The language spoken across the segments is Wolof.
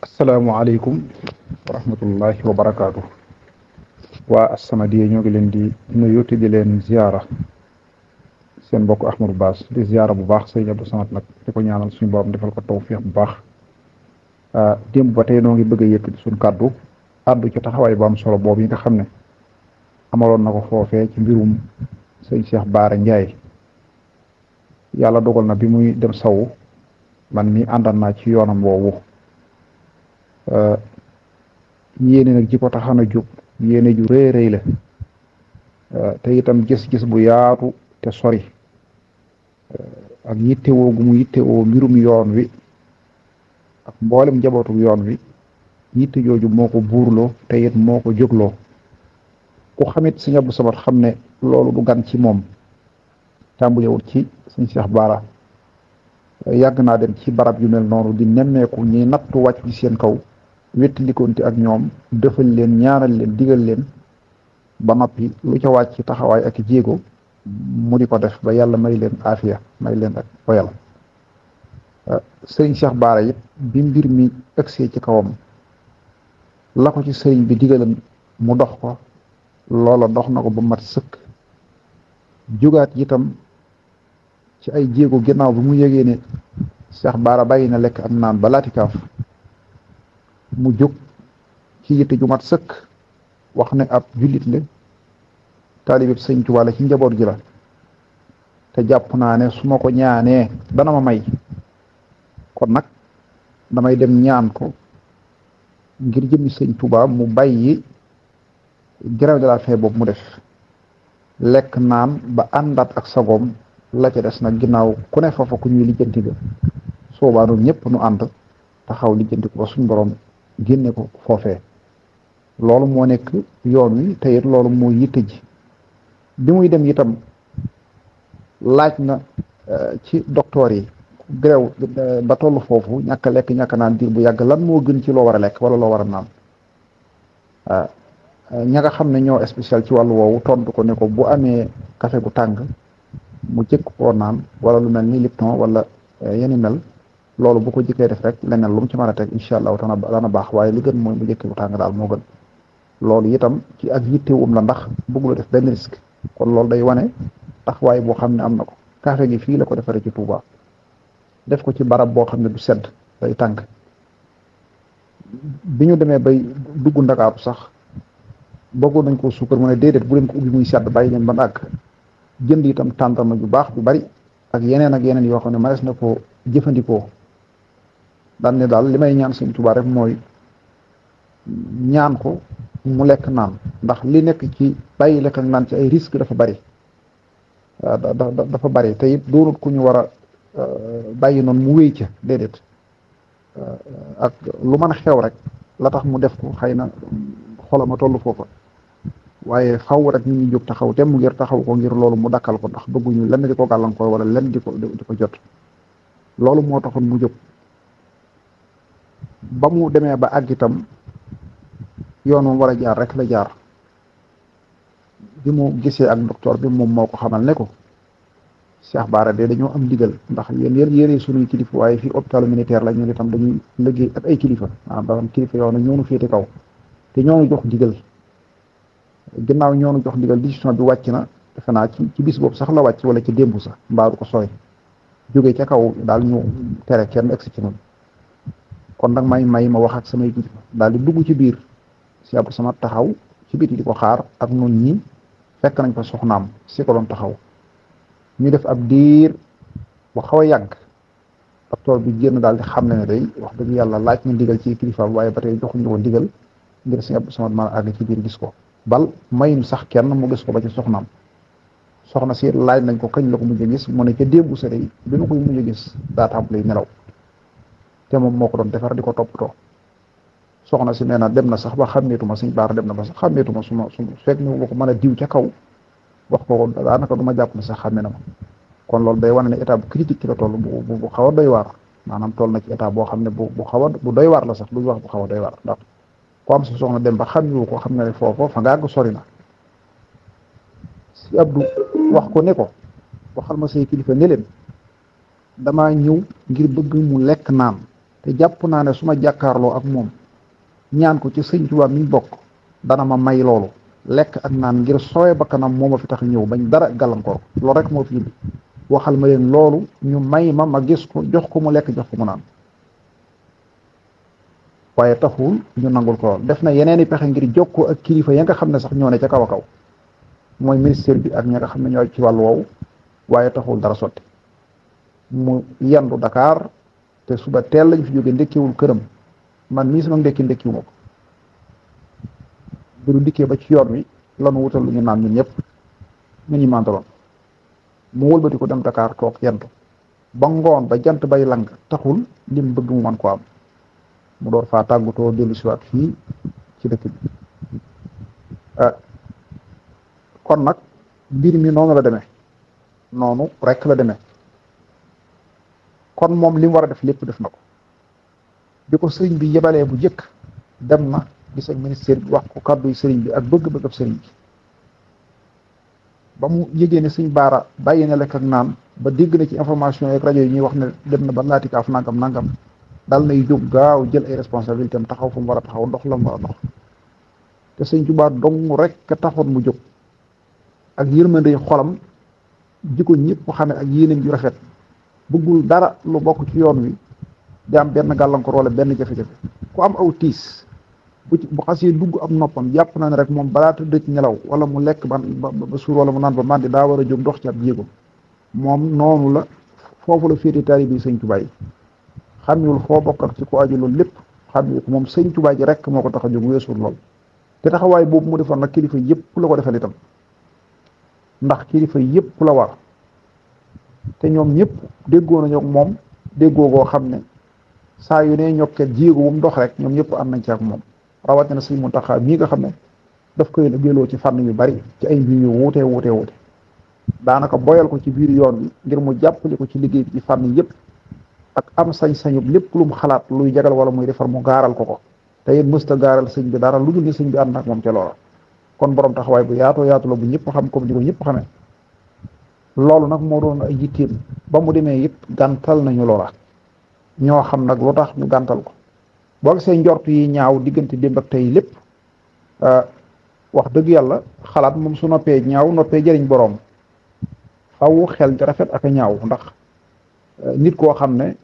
asalaamualeykum wa rahmatullahi wa barakaatu waa as ñoo ngi leen di nuyu te di leen ziyaara seen mbokk Ahmadou baas di ziyaara bu baax sëñ Abdou Samad nag di ko ñaanal suñu borom defal ko tawfiix bu baax ah, démb ba tey noo ngi bëgg a yëkkati suñu kàddu àddu ci taxawaay bu am solo boobu yi nga xam ne amaloon na ko foofee ci mbirum sëñ Cheikh Baara Ndiaye yàlla dogal na bi muy dem sawu man mi àndan ci yoonam boobu Euh, yéene nag ji ko taxan a jub yéene ju rëy rëy la euh, te itam gis-gis bu yaatu te sori euh, ak yittewoo gu mu yittewoo mbirum yoon wi ak mboolem njabootu yoon wi yitte jooju moo ko buurloo te it moo ko jógloo ku xamit sëñ Abdou Samad xam ne loolu du gan ci moom tàmbalewut ci sëñ Cheikh Bara yàgg naa dem ci barab yu mel noonu di nemmeeku ñi nattu wàcc ci seen kaw wéttalikonte ak ñoom defal leen ñaaral leen digal leen ba noppi lu ca wàcc ci taxawaay ak jéego mu di ko def ba yàlla may leen aafiya may leen ak oyal euh, sëriñ Cheikh Baara it bi mbir mi ëgsee ci kawam la ci sëriñ bi digalan mu dox ko loola dox na ko ba mat sëkk jugaat itam ci ay jéego ginnaaw bi mu yëgee ne Cheikh Baara bàyyi na lekk ak naan ba laati kaaf mu jóg ci yitte ju mat sëkk wax na ab jullit la taalibib sëñ Tuubaa la ci njaboot gi la te jàpp naa ne su ma ko ñaanee dana ma may kon nag damay dem ñaan ko ngir jëmmi sëñ Tuubaa mu bàyyi grève de la faim boobu mu def lekk naan ba àndaat ak sagoom la ca des nag ginnaaw ku ne foofa ku ñuy lijjanti ga soobaanoon ñëpp nu ànd xaw lijjanti ko ba suñ borom génne ko foofee loolu moo nekk yoon wi te loolu moo yitte ji bi muy dem itam laaj na euh, ci docteur yi gréew euh, ba toll foofu ñàkk lekk ñàkk naan diir bu yàgg lan moo gën ci loo war a lekk wala loo war a naan euh, ña xam ne ñoo spécial ci wàllu woowu tontu ko ne ko bu amee kafe gu tàng mu jëkk koo naan wala lu mel ni Lipton wala yeni mel loolu bu ko jëkkee def rek leneen lu ci mën a teg incha allah dana dana baax waay li gën mooy mu jëkkee bu tàng daal moo gën loolu itam ci ak yittewum la ndax bëggula def benn risque kon loolu day wane tax taxawaay boo xam ne am na ko café gi fii la ko defaree ci Touba def ko ci barab boo xam ne du sedd day tàng bi ñu demee bay dugg ndakaaru sax bëggoon nañ ko suukar mu ne déedéet bu leen ko ubbi muy sedd bàyyi leen ba mu jënd itam tàndarma ju baax bu bari ak yeneen ak yeneen yoo xam ne mënees na koo jëfandikoo daan daal li may ñaan sëñ Tuubaa rek mooy ñaan ko mu lekk naan ndax li nekk ci bàyyi lekk ak ci ay risque dafa bari ah, dafa bari te it doonut ku ñu war a euh, bàyyi noonu mu wéy ca déedéet euh, ak lu mën a xew rek la tax mu def ko xëy na xolama toll foofa waaye faw rek ñu ñu jóg taxaw te mu ngir taxaw ko ngir loolu mu dakkal ko ndax bëgguñu lenn di ko gàllankoor wala lenn di ko jot loolu moo taxoon mu jóg ba mu demee ba àgg itam yoon wu war a jaar rek la jaar bi mu gisee ak docteur bi moom moo ko xamal ne ko Cheikh Bara de dañoo am digal ndax yéen yéen yéenee sunuy kilifa waaye fii hôpital minitaire la ñu itam dañuy liggéey ak ay kilifa ah am kilifa yoon ñoo nu féete kaw te ñoo nu jox digal ginnaaw ñoo nu jox digal décision bi wàcc na defe ci ci bis boobu sax la wàcc wala ci démb sax mbaaru ko sooy jóge ca kaw daal ñu tere kenn egsi ci noonu. kon nag may may ma wax ak samay mbir daal di dugg ci biir si Abdou Samad taxaw ci biti di ko xaar ak noon ñi fekk nañ fa soxnaam si ko doon taxaw ñu def ab diir bu xaw a yàgg docteur bi génn daal di xam ne ne day wax dëgg yàlla laaj na ndigal ci kilifa waaye ba tey joxuñu ko ndigal ngir si Abdou Samad man àgg ci biir gis ko bal mayuñ sax kenn moo gis ko ba ci soxnaam soxna si laaj nañ ko kañ la ko mujj a gis mu ne ca démb sa day bi ma koy a gis daa nelaw te moom moo ko doon defar di ko toppatoo soxna si nee na dem na sax xam xàmmeetuma suñ baara dem na ba sax xàmmeetuma suma su fekk ñu ko mën a diw ca kaw wax ko daanaka du ma jàpp ne sax xàmme na ma kon loolu day wane ne état bu critique ci la toll bu bu xaw a doy waar maanaam toll na ci état boo xam ne bu bu xaw a bu doy waar la sax lu ñu wax ko xaw a doy waar ndax ku am sa soxna dem ba xam nga ne foofu fa nga àgg na si Abdou wax ko ne ko waxal ma say kilifa ne leen damaa ñëw ngir bëgg mu lekk naan te jàpp naa ne su ma jàkkaarloo ak moom ñaan ko ci sëñ Tuubaa mi bokk dana ma may loolu lekk ak naan ngir soowe ba kanam moo ma fi tax ñëw bañ dara gàllankoor loolu rek moo fi indi waxal ma leen loolu ñu may ma ma gis ko jox ko mu lekk jox ko mu naan waaye taxul ñu nangul ko lool def na yeneen i pexe ngir jokkoo ak kilifa ya nga xam ne sax ñoo ne ca kaw a kaw mooy ministère bi ak ña nga xam ne ñoo ci wàllu woowu waaye taxul dara sotti mu yendu dakaar te suba teel lañ fi jógee ndekkiwul këram man mii sama ndekki ndekkiwu ko bu ñu dikkee ba ci yoon wi lanu wutal lu ñu naan ñun ñëpp ñu ñu màndaloon mu wëlbati ko dem ndakaar toog yentu ba ngoon ba jant bay lang taxul lim bëgg mu man ko am mu door faa tàggutoo dellu siwaat fii ci dëkk bi ah, kon nag mbir mi noonu la deme noonu rekk la demee kon moom lim mu war a def lépp def na ko bi ko sëriñ bi yebalee bu njëkk dem na gis ak bi wax ko kàddu sëriñ bi ak bëgg-bëggab sëriñ bi ba mu yëgee ne suñ baara bàyyi na lekk ak naan ba dégg na ci information yeeg rajo yi ñuy wax ne dem na ba laatikaaf nangam nangam dal nay jóg gaaw jël ay responsabilité am taxaw fu mu war a taxaw ndox la mu war ndox te sëñ Tuubaa dong rek taxoon mu jóg ak yërmande xolam ji ko ñëpp xame ak yéenam yu rafet bëggul dara lu bokk ci yoon wi di am benn gàllankoor wala benn jafe-jafe ku am aw tiis bu ci bu xasee dugg am noppam jàpp naa ne rek moom balaa tëdd nelaw wala mu lekk ban ba suur wala mu naan ba màndi daa war a jóg dox ci ab jéego moom noonu la foofu la féete taalibe Sëñ Tuubaa yi xamewul foo bokk ak ci ko aju loolu lépp xamewul moom Sëñ Tuubaa ji rek moo ko tax a jóg weesuur lool te taxawaay boobu mu defoon nag kilifa yëpp la ko defal itam ndax kilifa yëpp la te ñoom ñëpp déggoo nañu moom déggoo goo xam ne saa yu ne ñokket jéego rek ñoom ñëpp am nañ ci ak moom rawatina sëñ Muntaxa mii nga xam ne daf koy liggéeyloo ci fànn yu bari ci ay mbir yu wuute wuute daanaka boyal ko ci biir yoon bi ngir mu jàppale ko ci liggéey bi ci fànn yëpp ak am sañ-sañub lépp lu mu xalaat luy jagal wala muy defar mu gaaral ko ko te it mësta gaaral sëñ bi dara lu dul ni sëñ bi ànd ak moom ca loola kon borom taxawaay bu yaatoo yaatu la bu ñëpp xam kom ni ko ñëpp xamee loolu nag moo doon ay yitteem ba mu demee it gantal nañu loola ñoo xam nag lu tax ñu gàntal ko boo gisee njort yi ñaaw diggante démb ak tey lépp ah, wax dëgg yàlla xalaat moom su noppee ñaaw noppee jëriñ boroom faw xel rafet ak ñaaw ndax ah, nit koo xam ne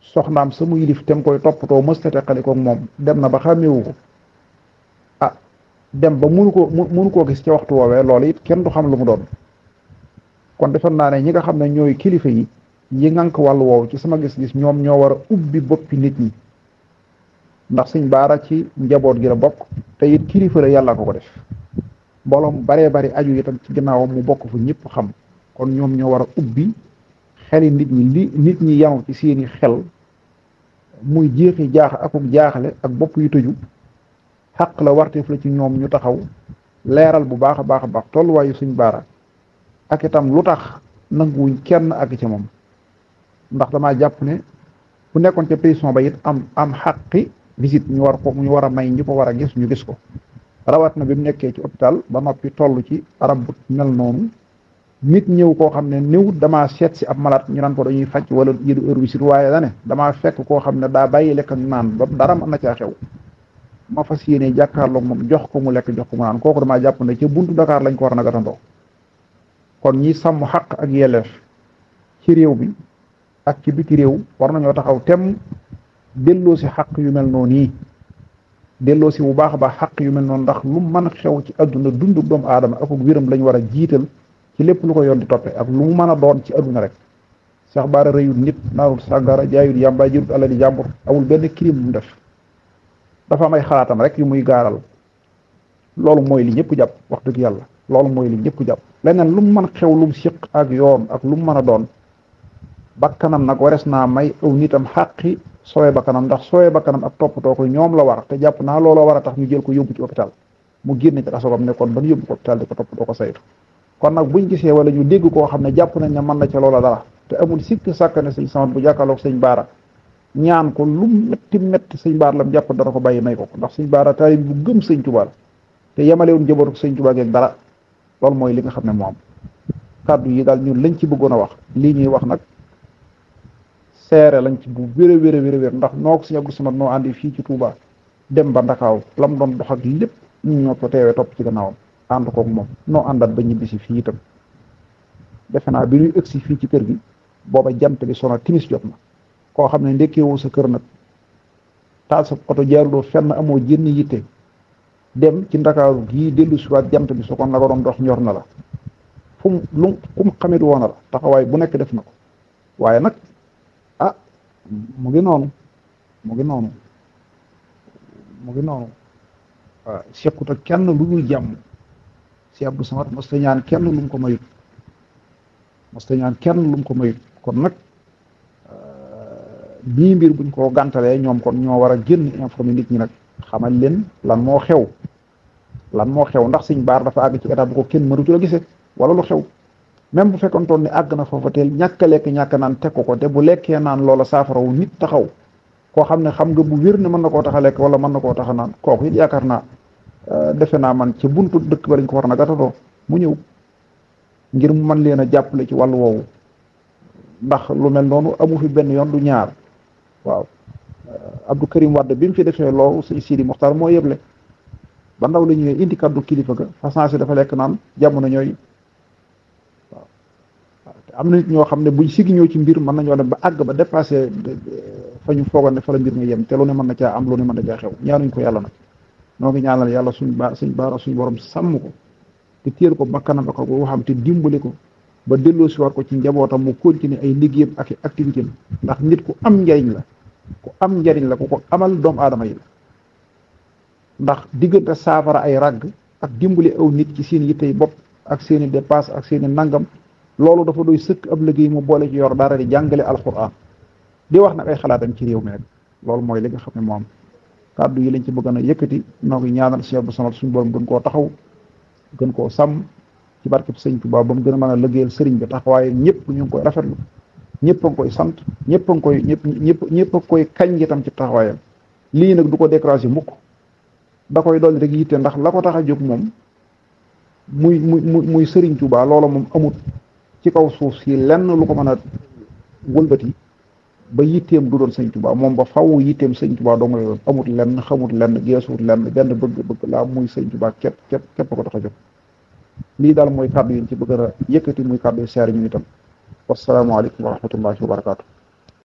soxnaam sama yilif tem koy toppatoo mësta teqali koog moom dem na ba xàmmeewu ko ah dem ba mu nu ko mu nu koo gis ca waxtu woowee loolu it kenn du xam lu mu doon kon defoon naa ne ñi nga xam ne ñooy kilifa yi yi ngànk wàll woowu ci sama gis-gis ñoom ñoo war a ubbi boppi nit ñi ndax sëñ baara ci njaboot gi la bokk te it kilifa la yàlla ko ko def mbooloom baree bari aju itam ci ginnaawam mu bokk fu ñëpp xam kon ñoom ñoo war a ubbi xeli nit ñi li nit ñi yanu ci seeni xel muy jeexi jaax akuk jaaxle ak bopp yu tëju xaq la warteef la ci ñoom ñu taxaw leeral bu baax a baax baax tolluwaayu sëñ baara ak itam lu tax nanguwuñ kenn ak ci moom ndax damaa jàpp ne bu nekkoon ca prison ba it am am xaqi visite ñu war ko ñu war a may ñu ko war a gis ñu gis ko rawat na bi mu nekkee ci hôpital ba noppi toll ci arab but mel noonu nit ñëw koo xam ne néew damaa seet si ab malade ñu naan ko dañuy faj wala yëdu heure visite waaye da ne damaa fekk koo xam ne daa bàyyi lekk naan ba dara mën na caa xew ma fas yéene jàkkaarloog moom jox ko mu lekk jox ko mu naan kooku damaa jàpp ne ca buntu Dakar lañ ko war a nagatandoo kon ñii sàmm xaq ak yelleef ci réew bi ak ci biti réew war nañoo taxaw tem delloo si xaq yu mel noonu yi delloo si bu baax a baax xaq yu mel noonu ndax lu mën a xew ci àdduna dundu doom aadama ak wéram lañ war a jiital ci lépp lu ko yoon di toppe ak lu mu mën a doon ci àdduna rek sax baara rëyul nit naanul sàngara jaayul yàmbaa jirut alali jàmbur amul benn kirim bu mu def dafa am ay xalaatam rek yu muy gaaral loolu mooy li ñëpp jàpp wax dëgg yàlla loolu mooy li ñëpp jàpp leneen lu mu mën xew lu mu siq ak yoon ak lu mu mën a doon bakkanam nag wares naa may aw nitam xàqi sooy bakkanam ndax sooy bakkanam ak toppatoo ko ñoom la war te jàpp naa looloo war a tax ñu jël ko yóbbu ci hôpital mu génn ci asogam ne kon ba ñu yóbbu ko hôpital di ko toppatoo ko saytu kon nag buñ gisee wala ñu dégg koo xam ne jàpp nañ ne mën na ca loola dara te amul sikk sàkk ne sëñ bu jàkkaarloog sañ baara ñaan ko lu métti métti sëñ baara lam dara ko bàyyi may ko ndax sëñ baara taalibe bu gëm sëñ Tuubaa te yemalewoon jëbootu sëñ Tuubaa dara loolu mooy li nga xam ne moom kàddu yi daal ñun lañ ci bëggoon a wax lii ñuy wax nag seere lañ ci bu wér a wér ndax noo si suñu Abdou Samad noo àndi fii ci Touba dem ba Ndakaaw lam doon dox ak lépp ñu ñoo ko teewee topp ci gannaawam ànd koog moom noo àndaat ba ñibbisi fii itam defe naa bi ñuy ëgsi fii ci kër gi booba jant bi sona timis jot na koo xam ne ndekkeewoo sa kër nag taal sa oto jaaruloo fenn amoo jënn yitte dem ci ndakaaru gii dellu siwaat jant bi su kon la ko doon dox ñor na la fu mu lu ku xamit woon la taxawaay bu nekk def na ko waaye nag a ah, mu ngi noonu mu ngi noonu mu ngi noonu waaw kenn lu dul jàmm si Abdou Samad mos ta ñaan kenn lu ko mayut mos ta ñaan kenn lu ko mayut kon nag euh, bii mbir buñ ko gantalee ñoom kon ñoo war a génn informer nit ñi nag xamal leen lan moo xew lan moo xew ndax sëñ baar dafa àgg ci état bu ko kenn mënutul a gisee wala lu xew même bu fekkontoon ne àgg na foofa teel ñàkk a lekk ñàkk naan teg ko ko te bu lekkee naan loola saafarawu nit taxaw koo xam ne xam nga bu wér ne mën na koo tax lekk wala mën na koo taxa a naan kooku it yaakaar na euh, defe naa man ci buntu dëkk ba ko war na gatadoo mu ñëw ngir mu mën leen a le ci wàllu woowu ndax lu mel noonu amu fi benn yoon du ñaar waaw euh, Abdou Karim Wade bi mu fi defee loolu sëñ Sidi Mokhtar moo yëble ba ndaw la ñëwee indi kaddu kilifa nga façon si dafa lekk naan jamono ñooy waaw te am na nit ñoo xam ne buñ sigi ñëw ci mbir mën nañoo dem ba àgg ba dépassé fa ñu foogoon ne fa la mbir ma yem te lu ne mën na caa am lu ne mën na caa xew ñaanuñ ko yàlla nag noo ngi ñaanal yàlla suñ ba suñ baara suñ borom sàmm ko te téel ko bakkanam ak ko waxam te dimbale ko ba delloo si war ko ci njabootam mu continuer ay liggéeyam ak activité am ndax nit ku am njariñ la ku am njariñ la ku ko amal doomu aadama yi ndax diggante saafara ay ràgg ak dimbali aw nit ci seen yittey bopp ak seen i dépasse ak seen i nangam loolu dafa doy sëkk ab liggéey mu boole ci yor dara di jàngale alquran di wax na ay xalaatam ci réew mi loolu mooy li nga xam ne moom kàddu yi lañ ci bëgg a yëkkati noo ngi ñaanal Cheikh Abdou Samad suñu borom gën koo taxaw gën koo sàmm ci barkeb sëñ Tuubaa ba mu gën a mën a liggéeyal sëriñ bi taxawaaye ñëpp ñu ngi koy rafetlu ñëpp a ngi koy sant ñëpp a ngi koy ñëpp ñëpp ñëpp a koy kañ itam ci taxawaayam lii nag du ko décraser mukk da koy dolli rek yitte ndax la ko tax a jóg moom muy muy muy Sëriñ Tuubaa loola moom amut ci kaw suuf si lenn lu ko mën a wëlbati ba yitteem du doon Sëriñ Tuubaa moom ba faw yitteem Sëriñ Tuubaa dong la doon amut lenn xamut lenn geesut lenn benn bëgg-bëgg laa muy Sëriñ Tuubaa képp képp képp ko tax a jóg lii daal mooy kàddu yi ci bëgg a yëkkati muy kàddu yi seer ñu itam wasalaamaaleykum wa rahmatullahi wa barakaatu.